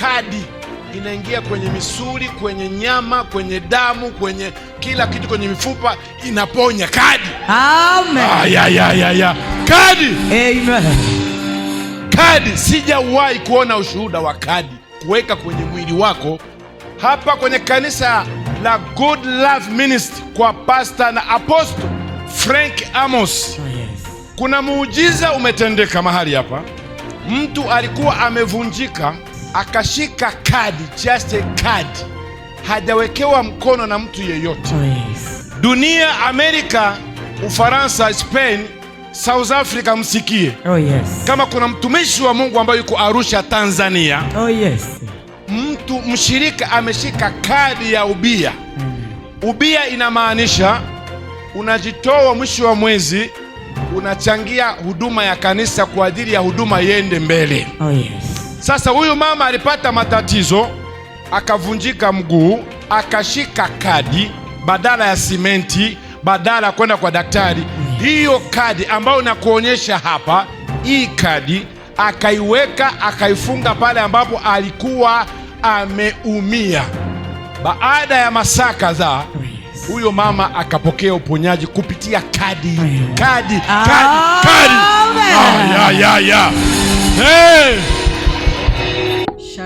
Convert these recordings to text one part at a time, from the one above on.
kadi inaingia kwenye misuli, kwenye nyama, kwenye damu, kwenye kila kitu, kwenye mifupa, inaponya kadi. Amen. Ah, ya, ya, ya, ya. Kadi. Amen. Kadi, sijawahi kuona ushuhuda wa kadi kuweka kwenye mwili wako. Hapa kwenye kanisa la Good Love Ministry kwa pasta na apostle Frank Amos, oh, yes. Kuna muujiza umetendeka mahali hapa, mtu alikuwa amevunjika akashika kadi, just a kadi, hajawekewa mkono na mtu yeyote. Yes. Dunia, Amerika, Ufaransa, Spain, South Africa, msikie. Oh, yes. Kama kuna mtumishi wa Mungu ambaye yuko Arusha, Tanzania. Oh, yes. Mtu mshirika ameshika kadi ya ubia. Mm. Ubia inamaanisha unajitoa mwisho wa mwezi unachangia huduma ya kanisa kwa ajili ya huduma iende mbele. Oh, yes. Sasa huyu mama alipata matatizo, akavunjika mguu, akashika kadi badala ya simenti, badala ya kwenda kwa daktari. Hiyo kadi ambayo nakuonyesha hapa, hii kadi akaiweka akaifunga pale ambapo alikuwa ameumia. Baada ya masaa kadhaa huyo mama akapokea uponyaji kupitia kadi, kadi, kadi, kadi. Ah, ya, ya, ya. Hey!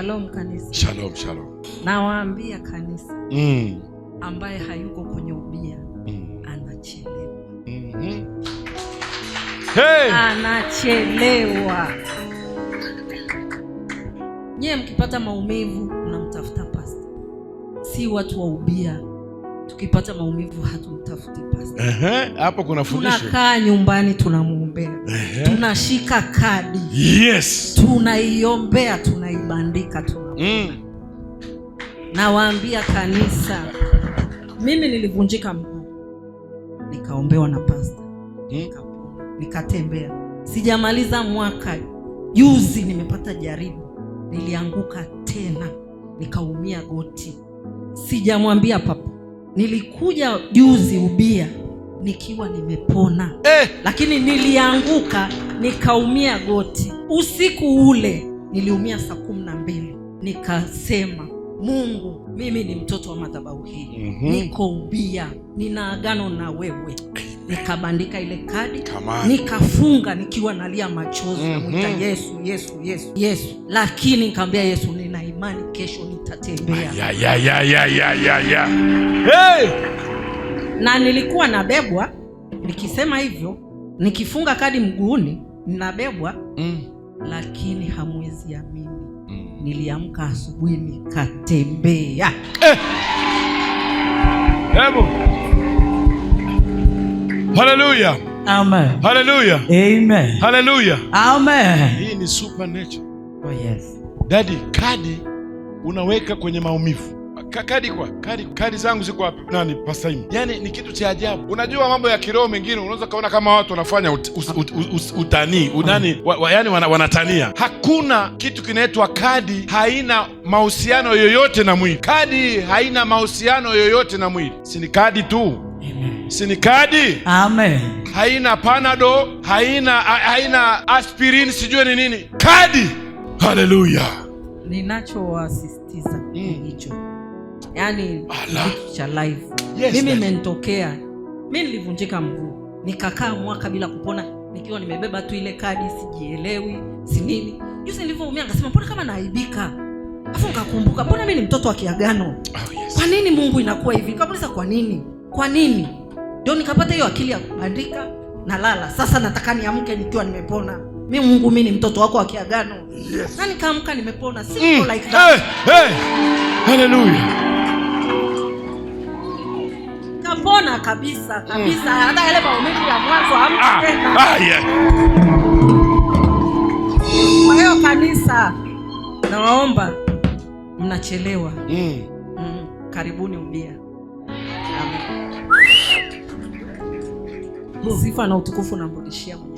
Shalom kanisa. Shalom, shalom. Nawaambia kanisa mm. ambaye hayuko kwenye ubia mm. anachelewa mm -hmm. hey. anachelewa. Nyie mkipata maumivu mnamtafuta pasta, si watu wa ubia Tukipata maumivu hatumtafuti pasta. hapo kuna fundisho. Tunakaa nyumbani tunamwombea. Tunashika kadi. Yes. Tunaiombea, tunaibandika, tunaombea. Mm. Nawaambia kanisa, mimi nilivunjika mguu nikaombewa na pasta. Mm. Nikatembea, sijamaliza mwaka juzi nimepata jaribu, nilianguka tena nikaumia goti, sijamwambia papa Nilikuja juzi Ubia nikiwa nimepona eh, lakini nilianguka nikaumia goti. Usiku ule niliumia saa kumi na mbili, nikasema Mungu, mimi ni mtoto wa madhabahu hii mm -hmm. Niko Ubia, nina agano na wewe. Nikabandika ile kadi nikafunga nikiwa nalia machozi, mm -hmm. Yesu, Yesu, Yesu, Yesu, lakini nikamwambia Yesu, imani, kesho nitatembea. Ya, ya, ya, ya, ya, ya, ya. Hey! Na nilikuwa nabebwa nikisema hivyo, nikifunga kadi mguuni nabebwa mm. Lakini hamwezi amini mm. Niliamka asubuhi nikatembea. Eh! Hebu. Haleluya. Amen. Haleluya. Amen. Haleluya. Amen. Hii ni supernatural. Oh yes. Daddy, kadi unaweka kwenye maumivu. Kadi kwa kadi, kadi zangu ziko wapi? Nani pasaimu? Yani ni kitu cha ajabu. Unajua mambo ya kiroho mengine unaweza kaona kama watu wanafanya ut, ut, ut, ut, utanii unani mm. wa, wa, yani wana, wanatania. Hakuna kitu kinaitwa kadi, haina mahusiano yoyote na mwili. Kadi haina mahusiano yoyote na mwili, si ni kadi tu, si ni kadi. Amen. Haina panado, haina haina aspirin, sijue ni nini. Kadi. Haleluya hicho mm. hicho yaani kitu cha life yes, mimi mentokea mi nilivunjika mguu nikakaa mwaka bila kupona nikiwa nimebeba tu ile kadi sijielewi si nini juzi nilivyoumia akasema mbona kama naaibika afu nkakumbuka mbona mi ni mtoto wa kiagano oh, yes. kwa nini mungu inakuwa hivi nikamuliza kwa nini kwa nini ndio nikapata hiyo akili ya kubandika nalala sasa nataka niamke nikiwa nimepona mi Mungu mi ni mtoto wako wa kiagano yes. na nikaamka nimepona simple mm. like that. Hey, hey. Hallelujah. Kapona kabisa kabisa, mm. hata yale maumivu ya mwanzo hamna ah, tena. Ah, yeah. Kwa hiyo kanisa, nawaomba mnachelewa. mm. Mm, karibuni ubia. Amen. Sifa na utukufu namrudishia